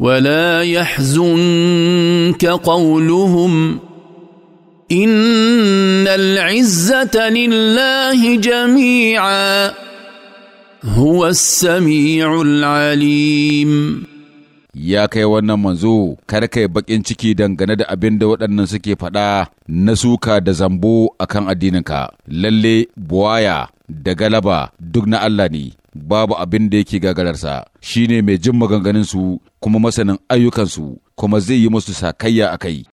ولا يحزنك قولهم ان العزه لله جميعا هو السميع العليم ya kai wannan manzo kar kai bakin ciki dangane da abin da waɗannan suke faɗa na suka da zambo akan addininka lalle buwaya da galaba duk na Allah ne babu abin da yake gagararsa shine mai jin maganganunsu kuma masanin ayyukansu kuma zai yi musu sakayya a kai